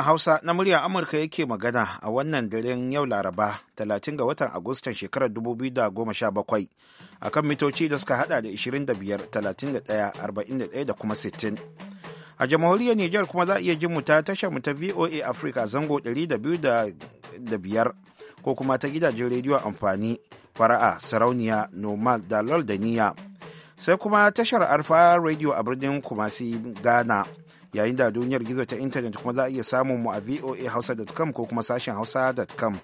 Sashen Hausa na murya Amurka yake magana a wannan daren yau Laraba 30 ga watan Agustan shekarar 2017 a kan mitoci da suka hada da 25, 31, 41 da kuma 60. A jamhuriyar Nijar kuma za a iya jin mu ta tashar mu ta VOA Africa zango 205 ko kuma ta gidajen rediyo amfani fara'a sarauniya nomad da lal da niya sai kuma tashar alfa radio a birnin kumasi ghana yayin da duniyar gizo ta intanet kuma za a iya samun mu a voa hausa.com ko kuma sashen hausa.com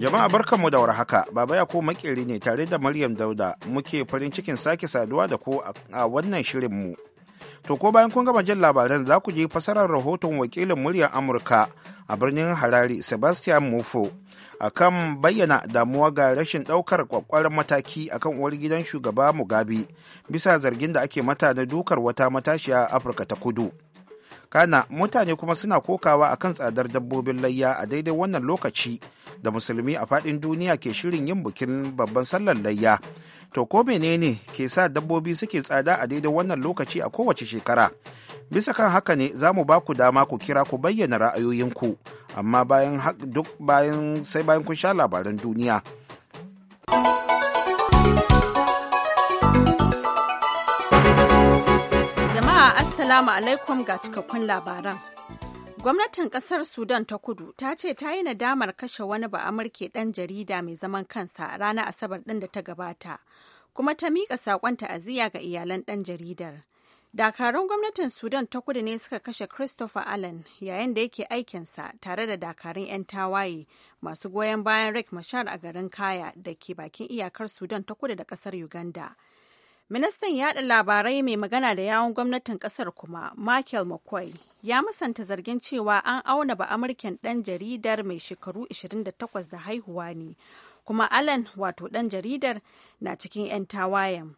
jama'a barkanmu da warhaka baba ya ko makeri ne tare da maryam dauda muke farin cikin sake saduwa da ku a wannan shirin mu. To ko bayan kun gama jin labaran za ku je fasarar rahoton wakilin muryar Amurka a birnin Harare Sebastian Mufo akan bayyana damuwa ga rashin daukar kwakwaran mataki akan uwar gidan shugaba Mugabe bisa zargin da ake mata na dukar wata matashiya Afirka ta kudu. kana mutane kuma suna kokawa akan tsadar dabbobin layya a daidai wannan lokaci da musulmi a faɗin duniya ke shirin yin bukin babban sallar layya to ko menene ke sa dabbobi suke tsada a daidai wannan lokaci a kowace shekara bisa kan haka ne za mu ba ku dama ku kira ku bayyana ra'ayoyinku amma duk bayan sai bayan kun sha labaran duniya Assalamu alaikum ga cikakkun labaran. Gwamnatin kasar Sudan ta kudu ta ce ta yi nadamar kashe wani ba'amurke ɗan jarida mai zaman kansa ranar Asabar ɗin da ta gabata, kuma ta miƙa saƙon ta'aziyya ga iyalan ɗan jaridar. Dakarun gwamnatin Sudan ta kudu ne suka kashe Christopher Allen yayin da yake aikinsa tare da dakarun 'yan tawaye masu goyon bayan Rick mashar a garin Kaya da ke bakin iyakar Sudan ta kudu da ƙasar Uganda. Ministan yada labarai mai magana da yawun gwamnatin ƙasar kuma Michael McCoy ya musanta zargin cewa an auna ba Amurken ɗan jaridar mai shekaru 28 da haihuwa ne, kuma Allen wato ɗan jaridar na cikin 'yan tawayen.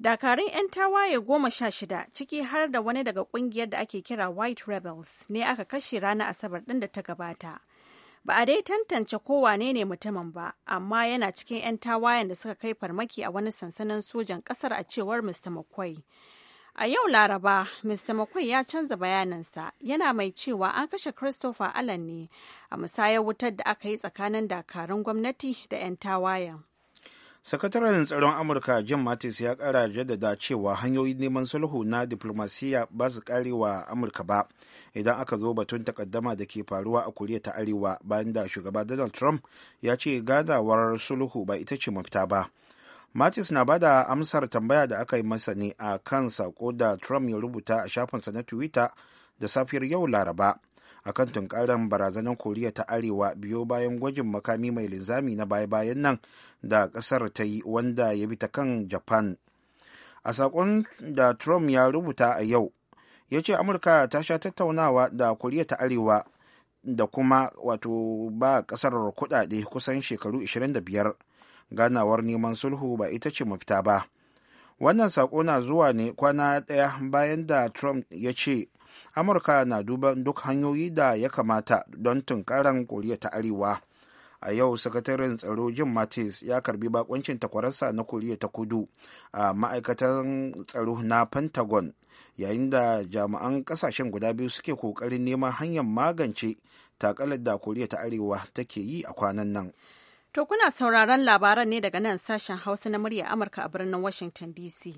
dakarun 'yan tawaye goma sha shida ciki har da wani daga ƙungiyar da ake kira white rebels ne aka kashe ranar asabar ɗin da ta gabata ba a dai tantance ko wane ne mutumin ba amma yana cikin 'yan tawayen da suka kai farmaki a wani sansanin sojan kasar a cewar mr mccoy a yau laraba mr mccoy ya canza bayaninsa yana mai cewa an kashe christopher allen ne a musayar wutar da aka yi tsakanin dakarun gwamnati da 'yan tawayen sakataren tsaron amurka jim mattis ya kara jaddada cewa hanyoyin neman sulhu na diplomasiya ba su karewa amurka ba idan aka zo batun takaddama da ke faruwa a Kuriya ta arewa bayan da shugaba donald trump ya ce gadawar sulhu ba ita ce mafita ba mattis na bada amsar tambaya da aka yi masa ne a kan sako da trump ya rubuta a shafinsa na twitter da safiyar yau laraba akan tunkarar barazanar koriya ta arewa biyo bayan gwajin makami mai linzami na baya-bayan nan da kasar ta yi wanda ya bi ta kan japan a sakon da trump ya rubuta a yau ya ce amurka ta sha tattaunawa da koriya ta arewa da kuma wato ba kasar kudade kusan shekaru 25 ganawar neman sulhu ba ita ce mafita ba wannan sako na zuwa ne kwana ɗaya bayan da trump ya ce amurka na duban duk hanyoyi da ya kamata don tunkaran koriya ta arewa a yau sakataren tsaro jim mattis ya karbi bakoncin takwararsa na koriya ta kudu a ma'aikatan tsaro na pentagon yayin da jami'an kasashen guda biyu suke kokarin neman hanyar magance takalar da koriya ta arewa take yi a kwanan nan to kuna sauraron labaran ne daga nan sashen hausa na murya amurka a birnin washington dc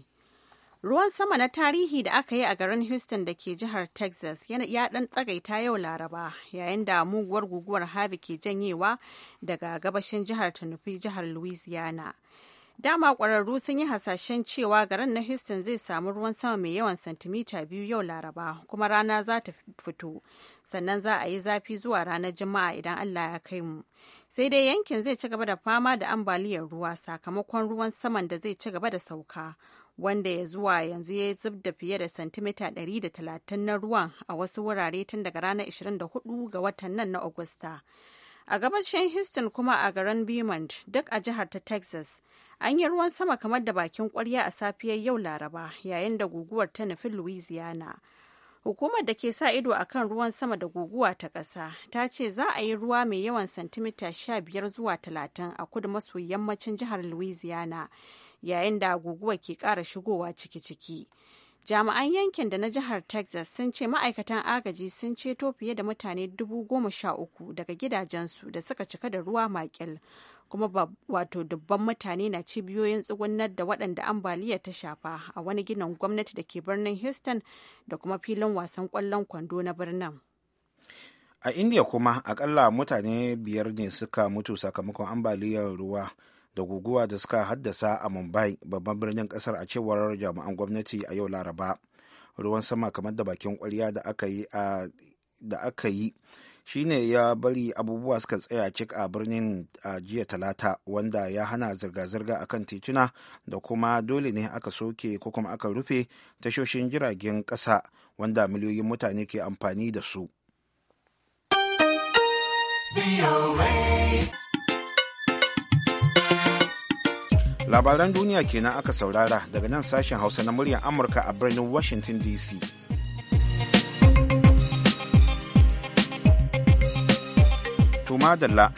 Ruwan sama na tarihi da aka yi a garin Houston da ke jihar Texas ya dan tsagaita yau Laraba yayin da muguwar guguwar Harvey ke janyewa daga gabashin jihar ta nufi jihar Louisiana. Dama ƙwararru sun yi hasashen cewa garin na Houston zai samu ruwan sama mai yawan santimita biyu yau Laraba kuma rana za ta fito sannan za a yi zafi zuwa ranar Juma'a idan Allah ya kai mu. Sai dai yankin zai ci gaba da fama da ambaliyar ruwa sakamakon ruwan saman da zai ci gaba da sauka. wanda ya zuwa yanzu ya zub da fiye da santimita 130 na ruwan a wasu wurare tun daga ranar 24 ga watan nan na Agusta. A gabashin Houston kuma a garin Beaumont duk a jihar ta Texas an yi ruwan sama kamar da bakin kwarya a safiyar yau Laraba yayin da guguwar ta nufi Louisiana. Hukumar da ke sa ido a kan ruwan sama da guguwa ta ƙasa ta ce za a yi ruwa mai yawan santimita 15 zuwa 30 a kudu maso yammacin jihar Louisiana yayin da guguwa ke ƙara shigowa ciki-ciki. jami'an yankin da na jihar texas sun ce ma'aikatan agaji sun ceto fiye da mutane dubu goma sha uku daga gidajensu da suka cika da ruwa makil kuma wato dubban mutane na cibiyoyin tsugunar da waɗanda ambaliya ta shafa a wani ginin gwamnati da ke birnin houston da kuma filin wasan kwallon kwando na birnin a india kuma akalla mutane biyar ne suka mutu sakamakon ambaliyar ruwa da guguwa da suka haddasa a mumbai babban birnin kasar a cewar jami'an gwamnati a yau laraba ruwan sama kamar da bakin kwarya da aka yi shine ya bari abubuwa suka tsaya cik a birnin a jiya talata wanda ya hana zirga-zirga a kan tituna da kuma dole ne aka soke ko kuma aka rufe tashoshin jiragen ƙasa wanda miliyoyin mutane ke amfani da su. labaran duniya kenan aka saurara daga nan sashen hausa na muryar amurka a birnin washington dc tumadala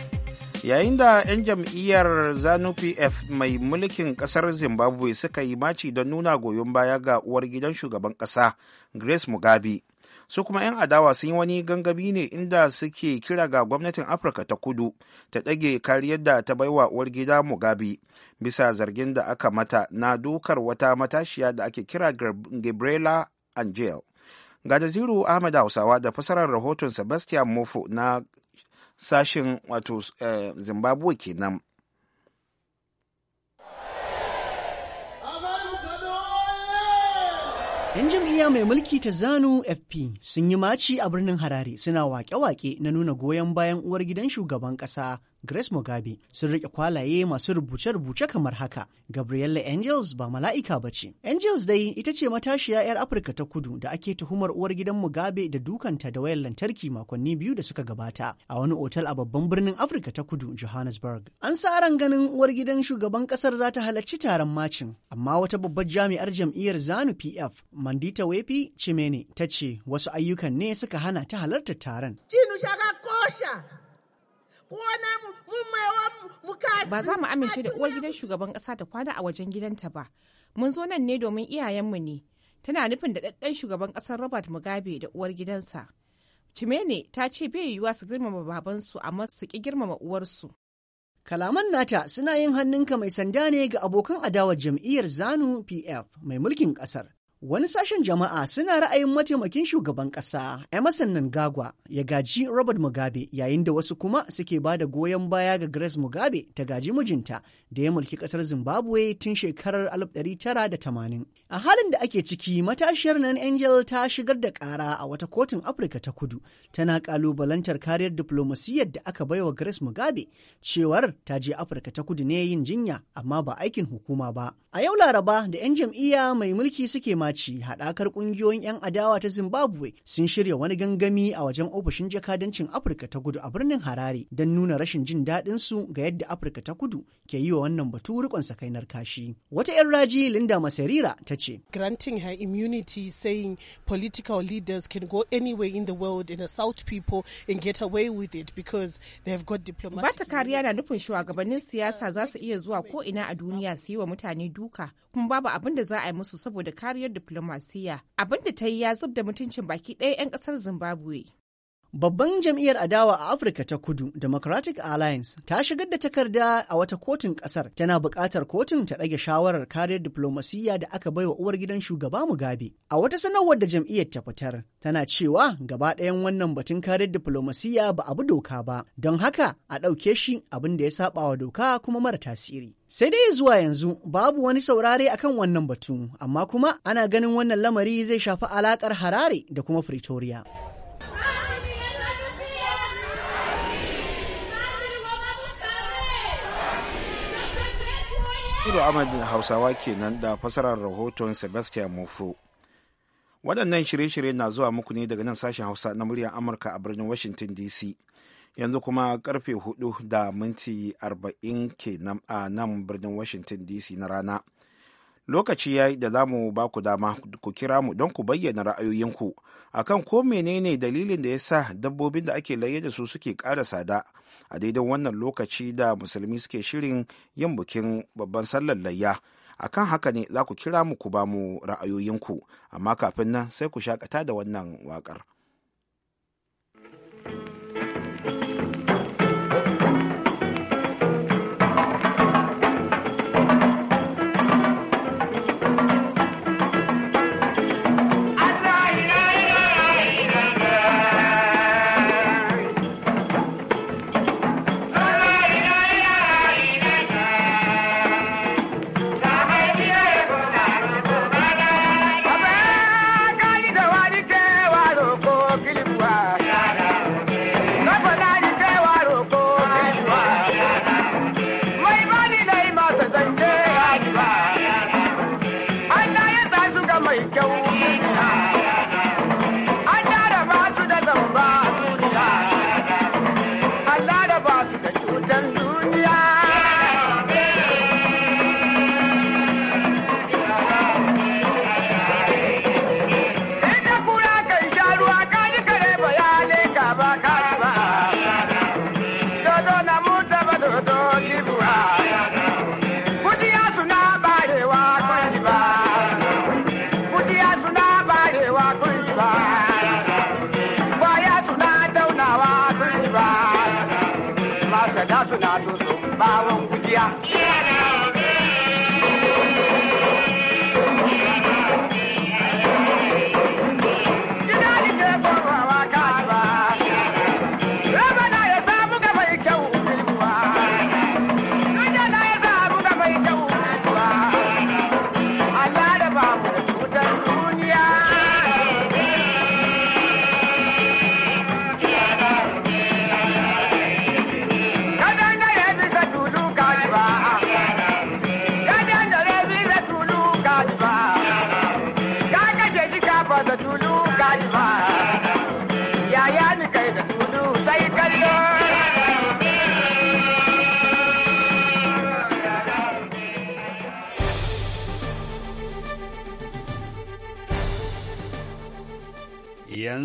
yayin da 'yan jam'iyyar zanu pf mai mulkin kasar zimbabwe suka yi maci don nuna goyon baya ga uwar gidan shugaban kasa grace mugabe su kuma 'yan adawa sun yi wani gangami ne inda suke kira ga gwamnatin afirka ta kudu ta ɗage kariyar da ta baiwa uwar gida mugabe bisa zargin da aka mata na dukar wata matashiya da ake kira gabriela angel ga naziru ahmed hausawa da fasarar rahoton sebastian mofo na sashin wato eh, zimbabwe kenan. 'Yan jam'iyya mai mulki ta Zanu FP sun yi maci a birnin Harare suna wake-wake na nuna goyon bayan uwar gidan shugaban ƙasa Grace Mugabe sun rike kwalaye masu rubuce-rubuce kamar haka. Gabriella Angels ba mala'ika ba ce. Angels dai ita ce matashiya 'yar Afirka ta kudu da ake tuhumar uwar gidan Mugabe da dukanta da wayar lantarki makonni biyu da suka gabata a wani otal a babban birnin Afirka ta kudu Johannesburg. An sa ran ganin uwar gidan shugaban kasar za ta halarci taron macin, amma wata babbar jami'ar jam'iyyar Zanu PF Mandita Wepi Chimene ta ce wasu ayyukan ne suka hana ta halartar taron. Ba za mu amince da uwar gidan shugaban ƙasa ta kwana a wajen gidanta ba. Mun zo nan ne domin iyayenmu ne. Tana nufin da ɗaɗɗan shugaban ƙasar Robert Mugabe da uwar gidansa. Cimene ta ce bai yiwuwa su girmama babansu amma su ƙi girmama uwarsu. Kalaman nata suna yin hannunka mai sanda ne ga abokan adawar jam'iyyar Zanu PF mai mulkin ƙasar. Wani sashen jama'a suna ra'ayin mataimakin shugaban ƙasa Emerson Nangagwa ya gaji Robert Mugabe yayin da wasu kuma suke ba da goyon baya ga Grace Mugabe ta gaji mijinta da ya mulki ƙasar Zimbabwe tun shekarar 1980. A halin da ake ciki matashiyar nan Angel ta shigar da ƙara a wata kotun Afirka ta kudu tana ƙalubalantar kariyar diflomasiyyar da aka baiwa Grace Mugabe cewar ta je Afirka ta kudu ne yin jinya amma ba aikin hukuma ba. A yau Laraba da 'yan jam'iyya mai mulki suke maci haɗakar ƙungiyoyin 'yan adawa ta Zimbabwe sun shirya wani gangami a wajen ofishin jakadancin Afirka ta kudu a birnin Harare don nuna rashin jin daɗin su ga yadda Afirka ta kudu ke yi wa wannan batu riƙon sakainar kashi. Wata 'yan raji Linda Masarira ta ce. Granting her immunity saying political leaders can go anywhere in the world and assault people and get away with it because have got diplomatic. Bata kariya na nufin shugabannin siyasa za su iya zuwa ko ina a duniya su yi wa mutane duka kuma babu abin da za a yi musu saboda kariyar diplomasiya. Abin da ta yi ya zub da mutuncin baki ɗaya 'yan ƙasar Zimbabwe. Babban jam'iyyar adawa a Afirka ta Kudu, Democratic Alliance, ta shigar da takarda a wata kotun ƙasar, tana buƙatar kotun ta ɗage shawarar kariyar diflomasiyya da aka bai wa uwar gidan shugaba Mugabe. A wata sanarwar da jam'iyyar ta fitar, tana cewa gaba ɗayan wannan batun kariyar diflomasiyya ba abu doka ba, don haka a ɗauke shi abin da ya saɓa wa doka kuma mara tasiri. Sai dai zuwa yanzu babu wani saurare akan wannan batu, amma kuma ana ganin wannan lamari zai shafi alaƙar Harare da kuma Pretoria. Ido Ahmad Hausawa kenan da fasarar rahoton Sebastian Mofo. Waɗannan shirye-shirye na zuwa muku ne daga nan sashen Hausa na muryar Amurka a birnin Washington DC. Yanzu kuma karfe 4 da minti 40 kenan a nan birnin Washington DC na rana. lokaci ya yi da za mu ba ku dama ku kira mu don ku bayyana ra'ayoyinku akan ko menene dalilin da ya sa dabbobin da ake laye da su suke ƙara sada a daidai wannan lokaci da musulmi suke shirin yin bukin babban sallar layya akan haka ne za ku kira mu ku ba mu ra'ayoyinku amma kafin nan sai ku shakata da wannan waƙar.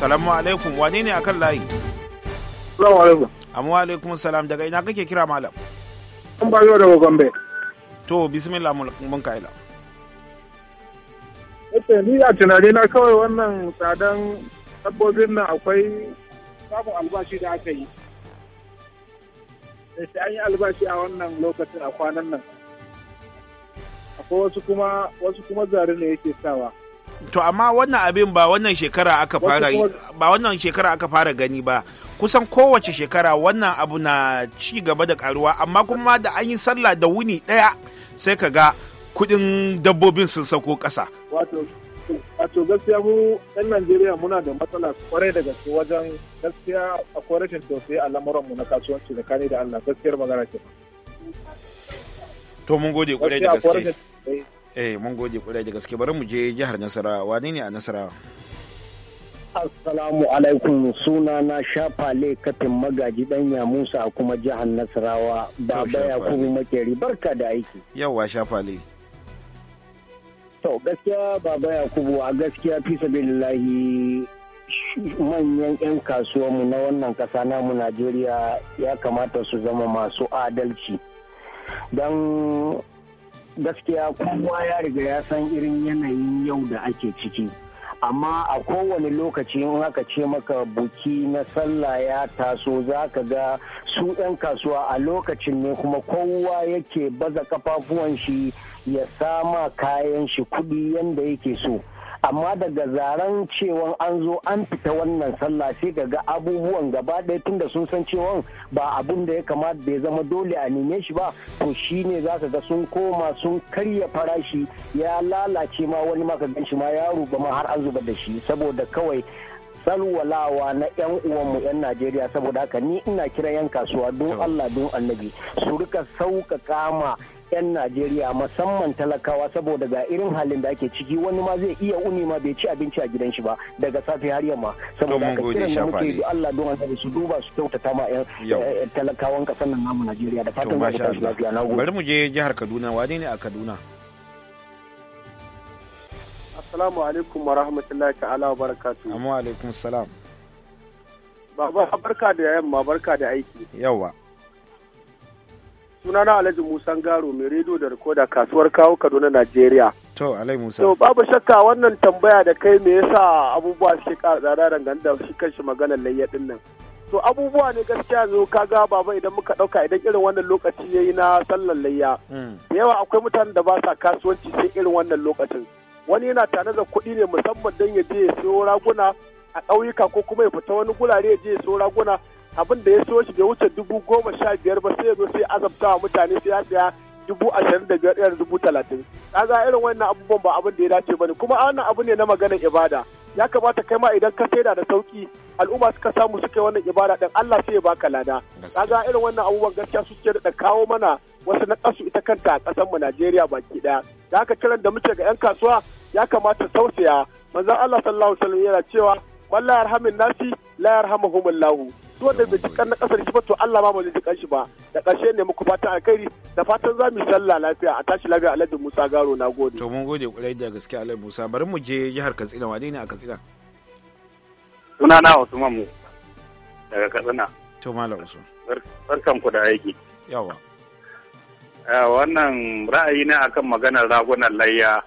salamu alaikum wani ne akan layi salamu alaikum wa alaikum salam daga ina kake kira malam an ba yau daga gombe to bismillah mun kaila Ita ni a tunani na kawai wannan tsadan dabbobin nan akwai samun albashi da aka yi. Da shi an yi albashi a wannan lokacin a kwanan nan. Akwai wasu kuma wasu kuma zari ne yake sawa. to amma wannan abin ba wannan shekara aka fara ba wannan shekara aka fara gani ba kusan kowace shekara wannan abu na ci gaba da karuwa amma kuma da an yi sallah da wuni daya sai ka ga kudin dabbobin sun sauko kasa wato gaskiya mu yan najeriya muna da matsala kwarai da gaske wajen gaskiya akwai rashin tausayi a mu na kasuwanci kani da allah gaskiyar magana ke to mun gode kwarai da gaske eh mun gode kwarai da gaske bari mu je jihar nasarawa wani ne a nasarawa Assalamu alaikum suna na shafale katin magaji danya Musa kuma jihar Nasarawa baba baya kuma makeri barka da aiki. Yawwa le. To gaskiya baba Yakubu a gaskiya fi sabilillahi manyan 'yan kasuwanmu na wannan ƙasa namu Najeriya ya kamata su zama masu adalci. Don gaskiya kowa ya riga ya san irin yanayin yau da ake ciki amma a kowane lokaci in aka ce maka buki na sallah ya taso za ka ga su 'yan kasuwa a lokacin ne kuma kowa yake baza kafafuwan shi ya sama kayan shi kudi yanda yake so. amma daga zaren cewa an zo an fita wannan sallah sai ga abubuwan gaba ɗaya tunda sun san cewa ba abun da ya kamata bai zama dole a neme shi ba to shi ne za ka ga sun koma sun karya farashi ya lalace ma wani maka gan shi ma ya ruba ma har an zuba da shi saboda kawai salwalawa na 'yan uwanmu 'yan Najeriya saboda haka ni ina kiran 'yan kasuwa don Allah don annabi su rika sauƙaƙa ma 'yan Najeriya musamman talakawa saboda ga irin halin da ake ciki wani ma zai iya uni ma bai ci abinci a gidan shi ba daga safe har yamma saboda haka kiran da muke Allah don Allah su duba su kyautata ma eh, talakawan kasar nan namu Najeriya da fatan za ku lafiya na gode bari mu je jihar Kaduna wani ne a Kaduna Assalamu alaikum wa rahmatullahi ta'ala wa barakatuhu Amma alaikum salam Baba barka da yamma barka da aiki Yawa sunana alhaji musan garo mai rediyo da rikoda kasuwar kawo kaduna najeriya to alai musa to babu shakka wannan tambaya da kai me yasa abubuwa suke ƙara tsada dangane da shi kanshi maganar layya din nan to abubuwa ne gaskiya zo kaga baba idan muka dauka idan irin wannan lokaci yayi na sallar layya hmm. da yawa akwai mutanen da ba sa kasuwanci sai irin wannan lokacin wani yana tare da kuɗi ne musamman dan ya je ya siyo raguna a ƙauyuka ko kuma ya fita wani gurare ya je ya siyo raguna abin da ya so shi bai wuce dubu goma sha biyar ba sai zo sai wa mutane sai ya tsaya dubu ashirin da biyar irin dubu talatin kaga irin wannan abubuwan ba abin da ya dace ba ne kuma wannan abu ne na maganar ibada ya kamata kai ma idan ka saida da sauki al'umma suka samu suka yi wannan ibada dan Allah sai ya baka lada kaga irin wannan abubuwan gaskiya su suke da kawo mana wasu na kasu ita kanta a kasar mu Najeriya baki ɗaya da aka kiran da muke ga yan kasuwa ya kamata tausaya manzon Allah sallallahu alaihi wasallam yana cewa wallahi arhamin nasi la yarhamuhumullahu duk wanda bai jikan na kasar shi ba to Allah ma ba zai jikan shi ba da ƙarshe ne muku fatan alkhairi da fatan za mu sallah lafiya a tashi lafiya Alhaji Musa Garo na gode to mun gode kurai da gaske Alhaji Musa bari mu je jihar Katsina wane ne a Katsina na Usman mu daga Katsina to malam Usman barkan ku da aiki yawa eh, wannan ra'ayi ne akan maganar ragunan layya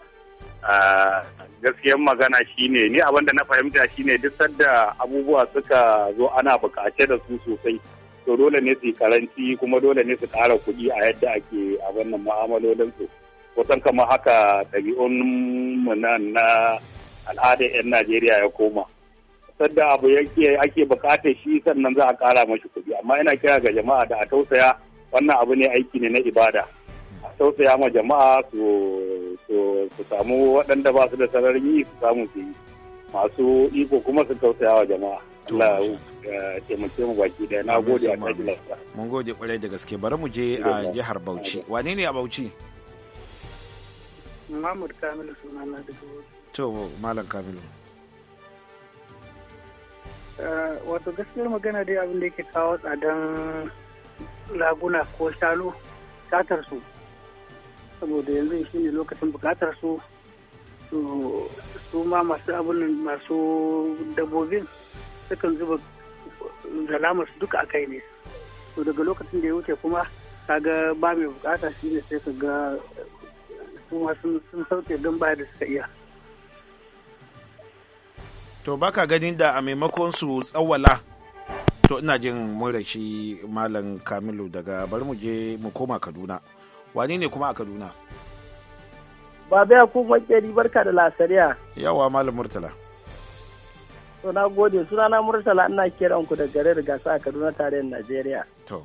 ah, gaskiyar magana shine ni abin da na fahimta shine duk sadda abubuwa suka zo ana bukace da su sosai to dole ne su yi karanci kuma dole ne su ƙara kuɗi a yadda ake abin nan mu'amalolin kusan kamar haka ɗabi'un mu na al'adar 'yan Najeriya ya koma sadda abu yake ake bukata shi sannan za a ƙara mashi kuɗi amma ina kira ga jama'a da a tausaya wannan abu ne aiki ne na ibada tausaya ma jama'a su samu waɗanda ba su da sararin yi su samu su yi masu iko kuma su tausaya wa jama'a Allah eh, taimake mu baki na gode a mun gode kwarai da gaske bari mu je a jihar Bauchi wane ne a Bauchi Mamur Kamilu sunana da to malam Kamilu eh, wato gaskiyar magana dai abin da yake kawo tsadan laguna ko shalu satar su saboda yanzu shi ne lokacin bukatar su su ma masu abin masu dabbobin sukan zuba zalamar su duka a kai ne to daga lokacin da ya wuce kuma kaga ba mai bukata shi ne sai kaga su masu sun sauke don baya da suka iya to baka ganin da a maimakon su tsawala to ina jin murashi malam kamilu daga bari mu je mu koma kaduna wani ne kuma a kaduna babu ya kuma barka da lasariya yawa malam murtala to na gode suna na murtala ina kiran ku da garin gasa a kaduna tare tarayyar najeriya to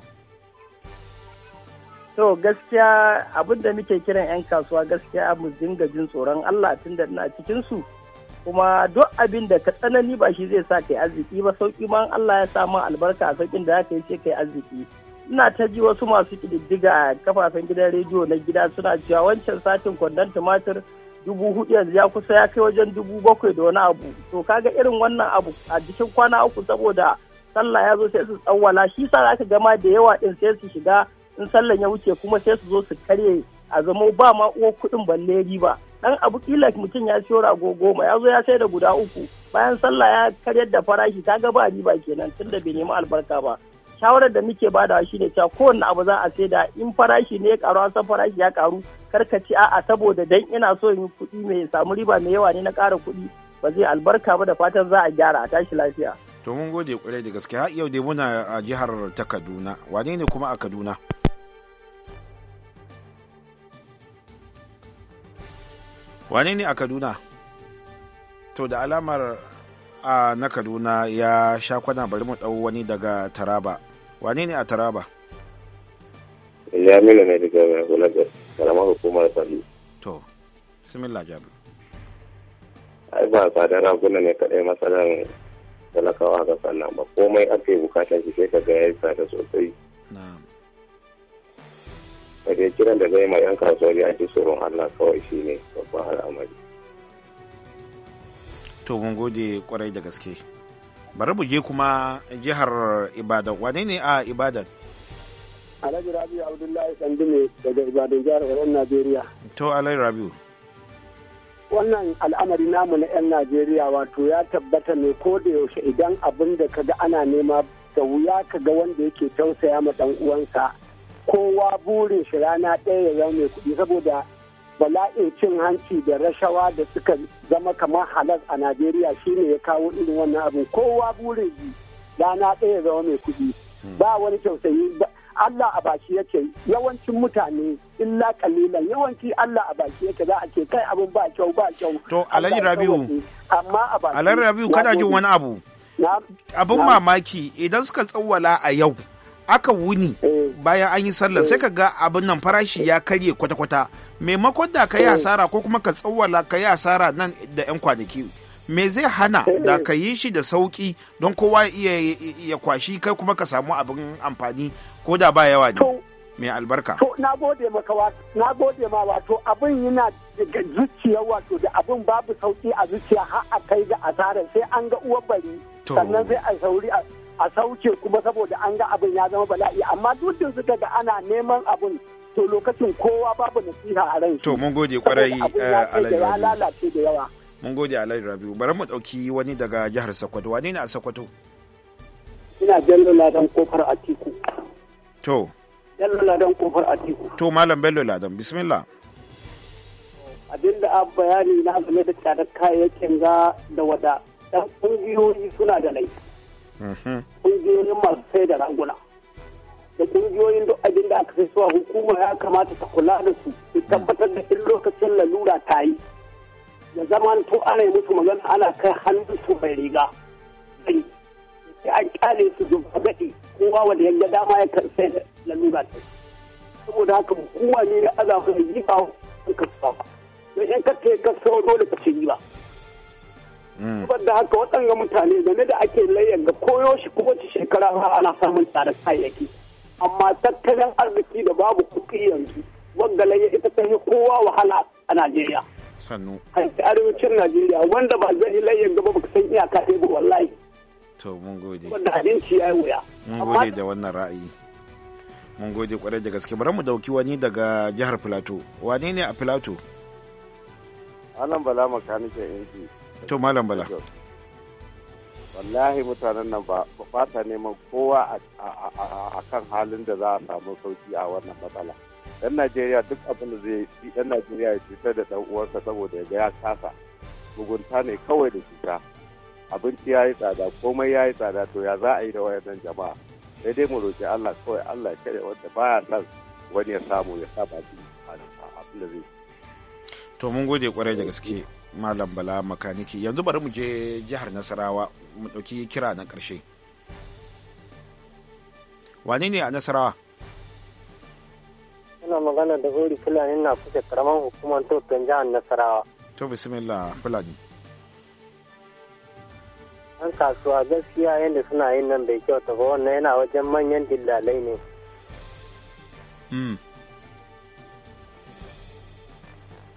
to gaskiya abin da muke kiran 'yan kasuwa gaskiya mu dinga jin tsoron allah tun da ina cikin su kuma duk abin da ka tsanani ba shi zai sa kai arziki ba sauki ma Allah ya sa ma albarka a sauƙin da ka yi sai kai arziki ina ta ji wasu masu ƙididdiga a kafafen gidan rediyo na gida suna cewa wancan satin kwandon tumatir dubu hudu yanzu ya kusa ya kai wajen dubu bakwai da wani abu to kaga irin wannan abu a jikin kwana uku saboda sallah ya zo sai su tsawwala shi sa za ka gama da yawa din sai su shiga in sallan ya wuce kuma sai su zo su karye a zama ba ma uwa kuɗin balle riba dan abu kila mutum ya siyo rago goma ya zo ya sai da guda uku bayan sallah ya karyar da farashi kaga ba riba kenan tunda bai nemi albarka ba shawarar da muke bada shine cewa kowanne abu za a saida in farashi ne ya karu san farashi ya karu karkaci a'a saboda dan ina so in kuɗi mai samu riba mai yawa ne na ƙara kuɗi ba zai albarka ba da fatan za a gyara a tashi lafiya. To mun gode kwarai da gaske har yau dai muna a jihar ta Kaduna wane ne kuma a Kaduna? Wane ne a Kaduna? To da alamar a na Kaduna ya sha kwana bari mu ɗau wani daga Taraba. wane ne a taraba jamilu ne daga gulagar karamar hukumar kwalli to bismillah jamilu ai ba tsadar raguna ne kaɗai matsalar talakawa ga sannan ba komai aka yi bukata shi sai ka ga ya yi tsada sosai da kiran da zai mai yan kasuwa a ji tsoron allah kawai shi ne babban al'amari to mun gode kwarai da gaske bari mu kuma jihar ibadan wane ne a ibadan alhaji rabiu abdullahi ne daga ibadan jihar oron najeriya to alhaji rabiu wannan al'amari namu na 'yan najeriya wato ya tabbata ne ko da yaushe idan abin da kaga ana nema da wuya ga wanda yake tausaya ma dan uwansa kowa burin shi rana ɗaya ya zama mai kuɗi saboda bala'in cin hanci da rashawa da suka zama kamar halas a najeriya shine ya kawo irin wannan abin kowa burin ji rana ɗaya zama mai kuɗi ba wani tausayi Allah a baki yake yawancin mutane illa kalilan yawanci Allah a baki yake za a ce kai abin ba kyau ba kyau to alhaji rabiu amma a baki alhaji rabiu kada jin wani abu abin mamaki idan suka tsawwala a yau aka wuni eh. bayan an yi sallar sai eh. ka ga abin nan farashi ya karye kwata-kwata maimakon da ka yi eh. asara ko kuma ka tsawala ka yi asara nan da 'yan kwanaki me zai hana da ka yi shi da sauki don kowa iya ya kwashi kai kuma ka samu abin amfani ko da ba yawa ne mai albarka to na gode maka na gode ma wato abin yana daga zuciya wato da abin babu sauki a zuciya har a kai ga asara sai an ga uwa bari sannan sai a sauri a sauke kuma saboda an ga abin ya zama bala'i amma dukkan suka ga ana neman abin to lokacin kowa babu nasiha a ran to mun gode kwarai ya eh, lalace da yawa mun gode alhaji rabiu bari mu dauki wani daga jihar sokoto wani ne a sokoto ina bello ladan kofar atiku to bello ladan kofar atiku to malam bello ladan bismillah abinda a bayani na game da tsadar kayayyakin ga da wada dan kungiyoyi suna da laifi Ƙungiyoyin masu sai da ranguna. Da ƙungiyoyin duk abin da aka sai suwa hukumar ya kamata ta kula da su, su tabbatar da in lokacin lalura ta yi. Da zaman to ana yi musu magana ana kai hannun su mai riga. Sai an kyale su zuba gaɗe kowa wanda yadda dama ya karfe da lalura ta yi. saboda haka hukuma ne ya azafi da yi ba ka sa ba dole ka ce ba Mm. saboda haka waɗanga mutane ne da ake layyan ga koyo shi kowace shekara ba ana samun tsadar kayayyaki amma tattalin arziki da babu kuɗi yanzu wanda laye ita ta yi kowa wahala a najeriya sannu Haifi arewacin najeriya wanda ba zai yi layyan gaba ba san iyaka ɗaya ba wallahi to mun gode wanda abinci ya yi wuya mun gode da wannan ra'ayi mun gode kwarai da gaske bari mu dauki wani daga jihar filato wane ne a filato anan bala makanike inji to malam bala wallahi mutanen nan ba ba ta neman kowa a kan halin da za a samu sauki a wannan matsala yan najeriya duk abin da zai yan najeriya ya cutar da dan uwansa saboda ya ga ya kasa mugunta ne kawai da cuta abinci ya yi tsada komai ya yi tsada to ya za a yi da wayannan jama'a sai dai mu roƙi allah kawai allah kare wanda baya son wani ya samu ya sa a abin da zai to mun gode kwarai da gaske malam bala makaniki yanzu bari mu je jihar nasarawa mu ɗauki kira na ƙarshe wani ne a nasarawa ina magana da hori fulani na kusa karaman hukumar tokan jihar nasarawa to bismillah fulani an kasuwa gaskiya yadda suna yin nan bai kyauta ba wannan yana wajen manyan dillalai ne hmm.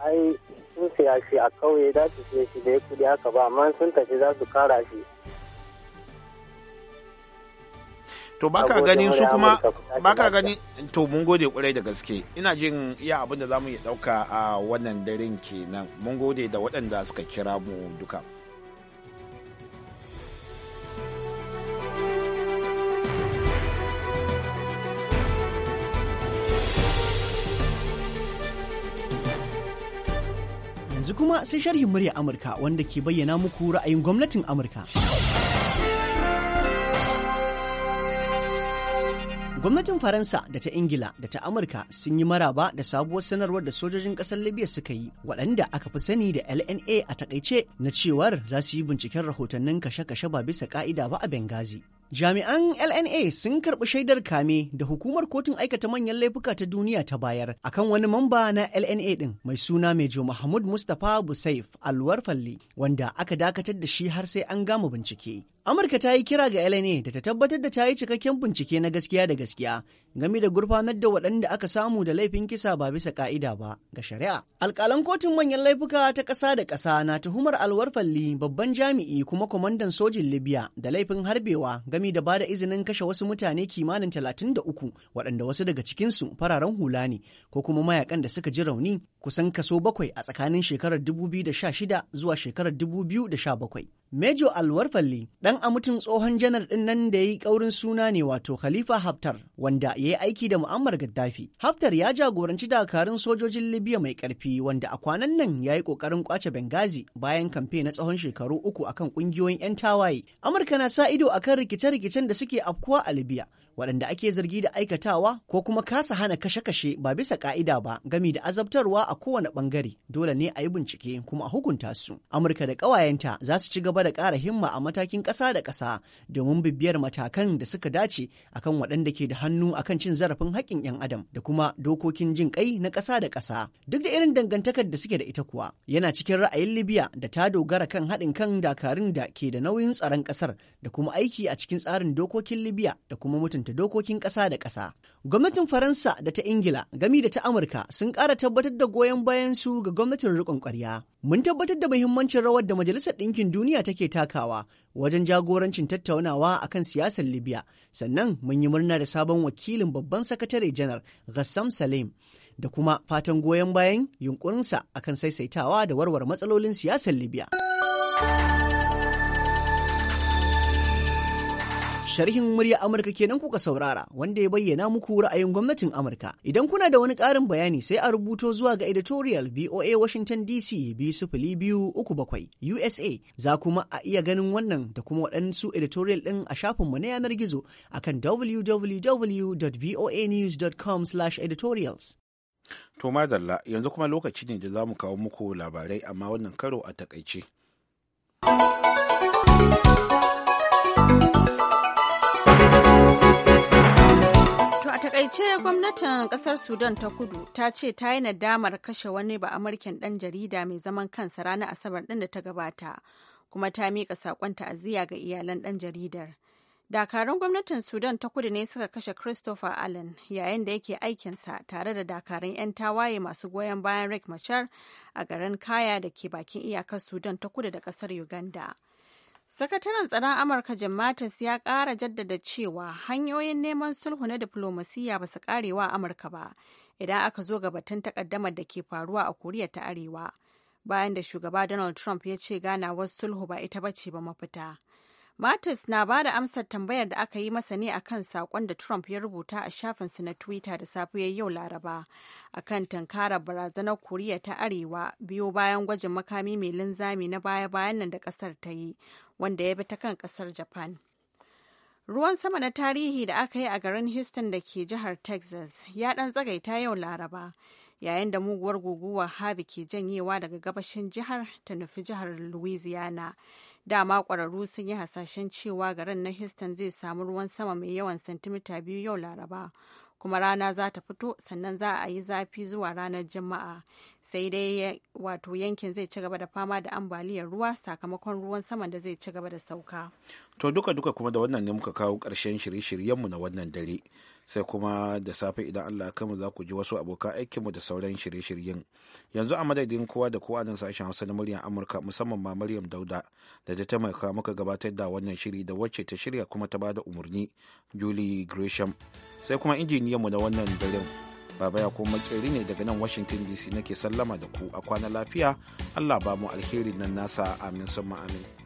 ai sun siya shi a kauye za su siya shi da ya kudi haka ba amma sun tafi za su kara shi to baka ganin su kuma baka gani to mun gode kwarai da gaske ina jin iya abin da mu iya dauka a wannan daren kenan mun gode da waɗanda suka kira mu duka Yanzu kuma sai sharhin murya Amurka wanda ke bayyana muku ra'ayin gwamnatin Amurka. Gwamnatin Faransa da ta Ingila da ta Amurka sun yi maraba da sabuwar sanarwar da sojojin ƙasar Libya suka yi waɗanda aka fi sani da LNA a takaice na cewar za su yi binciken rahotannin kashe-kashe ba bisa ka'ida ba a Benghazi. Jami'an LNA sun karɓi shaidar kame da hukumar kotun aikata manyan laifuka ta duniya ta bayar akan wani mamba na LNA ɗin mai suna Mejo Mahmud Mustapha Busaif Alwarfalli wanda aka dakatar da shi har sai an gama bincike. Amurka ta yi kira ga LNA da ta tabbatar da ta yi cikakken bincike na gaskiya da gaskiya game da gurfanar da waɗanda aka samu da laifin kisa ba bisa ka'ida ba ga shari'a. Alƙalan kotun manyan laifuka ta ƙasa da ƙasa na tuhumar alwar falli, babban jami'i kuma kwamandan sojin Libya da laifin harbewa game da bada izinin kashe wasu mutane kimanin talatin da uku waɗanda wasu daga cikinsu fararen hula ne ko kuma mayakan da suka ji rauni kusan kaso bakwai a tsakanin shekarar 2016 zuwa shekarar 2017. Mejo Alwarfalli ɗan amutin tsohon janar ɗin nan da ya yi ƙaurin suna ne wato Khalifa Haftar wanda ya yi aiki da Muammar Gaddafi. Haftar ya jagoranci dakarun sojojin Libya mai ƙarfi wanda a kwanan nan ya yi ƙoƙarin ƙwace Benghazi bayan kamfe na tsawon shekaru uku akan ƙungiyoyin 'yan tawaye. Amurka na sa ido akan rikice-rikicen da suke afkuwa a Libya. waɗanda ake zargi da aikatawa ko kuma kasa hana kashe-kashe ba bisa ka'ida ba gami da azabtarwa a kowane ɓangare dole ne a yi bincike kuma a hukunta su. Amurka da ƙawayenta za su ci gaba da ƙara himma a matakin ƙasa da ƙasa domin bibiyar matakan da suka dace akan waɗanda ke da hannu akan cin zarafin haƙƙin 'yan adam da kuma dokokin jin ƙai na ƙasa da ƙasa. Duk da irin dangantakar da suke da ita kuwa yana cikin ra'ayin Libya da ta dogara kan haɗin kan dakarun da ke da nauyin tsaron ƙasar da kuma aiki a cikin tsarin dokokin Libya da kuma mutun sabunta dokokin ƙasa da ƙasa. Gwamnatin Faransa da ta Ingila gami da ta Amurka sun ƙara tabbatar da goyon bayan su ga gwamnatin riƙon ƙwarya. Mun tabbatar da muhimmancin rawar da Majalisar Ɗinkin Duniya take takawa wajen jagorancin tattaunawa akan siyasar Libya. Sannan mun yi murna da sabon wakilin babban sakatare janar Ghassam Salim. da kuma fatan goyon bayan yunkurinsa akan saisaitawa da warware matsalolin siyasar Libya. Sharhin murya Amurka kenan kuka saurara wanda ya bayyana muku ra'ayin gwamnatin Amurka. Idan kuna da wani ƙarin bayani sai a rubuto zuwa ga editorial VOA Washington DC bakwai USA za kuma a iya ganin wannan da kuma waɗansu editorial ɗin a shafinmu na yanar gizo akan www.voanews.com/editorials. To madalla yanzu kuma lokaci ne da za mu kawo muku labarai amma wannan karo a takaice. takaice gwamnatin kasar Sudan ta kudu ta ce ta yi nadamar kashe wani ba amurken dan jarida mai zaman kansa ranar Asabar din da ta gabata, kuma ta miƙa saƙon ta'aziyya ga iyalan dan jaridar. Dakarun gwamnatin Sudan ta kudu ne suka kashe Christopher Allen yayin da yake aikinsa tare da dakarun 'yan tawaye masu goyon bayan Rick Machar a garin Kaya da ke bakin iyakar Sudan ta kudu da kasar Uganda. Sakataren tsaron Amurka Jim Mattis ya ƙara jaddada cewa hanyoyin neman sulhu na diflomasiyya ba su karewa Amurka ba idan aka zo ga batun takaddamar da ke faruwa a Koriya ta Arewa. Bayan da shugaba Donald Trump ya ce ganawar sulhu ba ita bace ba mafita. Mattis na ba da amsar tambayar da aka yi masa ne akan saƙon da Trump ya rubuta a shafinsa na Twitter da safiyar yau Laraba akan tankarar barazanar Koriya ta Arewa biyo bayan gwajin makami mai linzami na baya-bayan nan da ƙasar ta yi wanda ya bi ta kan ƙasar Japan. Ruwan sama na tarihi da aka yi a garin Houston da ke jihar Texas ya ɗan tsagaita yau Laraba yayin da muguwar guguwar Harvey ke janyewa daga gabashin jihar ta nufi jihar Louisiana. dama ƙwararru sun yi hasashen cewa garin na houston zai samu ruwan sama mai yawan santimita biyu yau laraba kuma rana za ta fito sannan za a yi zafi zuwa ranar juma'a sai dai wato yankin zai ci gaba da fama da ambaliyar ruwa sakamakon ruwan saman da zai ci gaba da sauka to duka duka kuma da wannan ne muka kawo ƙarshen shirye-shiryenmu na wannan dare sai kuma da safe idan Allah ya kama za ku ji wasu abokan aikinmu da sauran shirye-shiryen. Yanzu a madadin kowa da kowa nan sashen Hausa na muryar Amurka musamman ma Maryam Dauda da ta taimaka muka gabatar da wannan shiri da wacce ta shirya kuma ta bada umarni Julie Gresham. Sai kuma injiniyanmu na wannan daren Baba ya kuma makeri ne daga nan Washington DC nake sallama da ku a kwana lafiya Allah ba mu alherin nan nasa amin summa amin.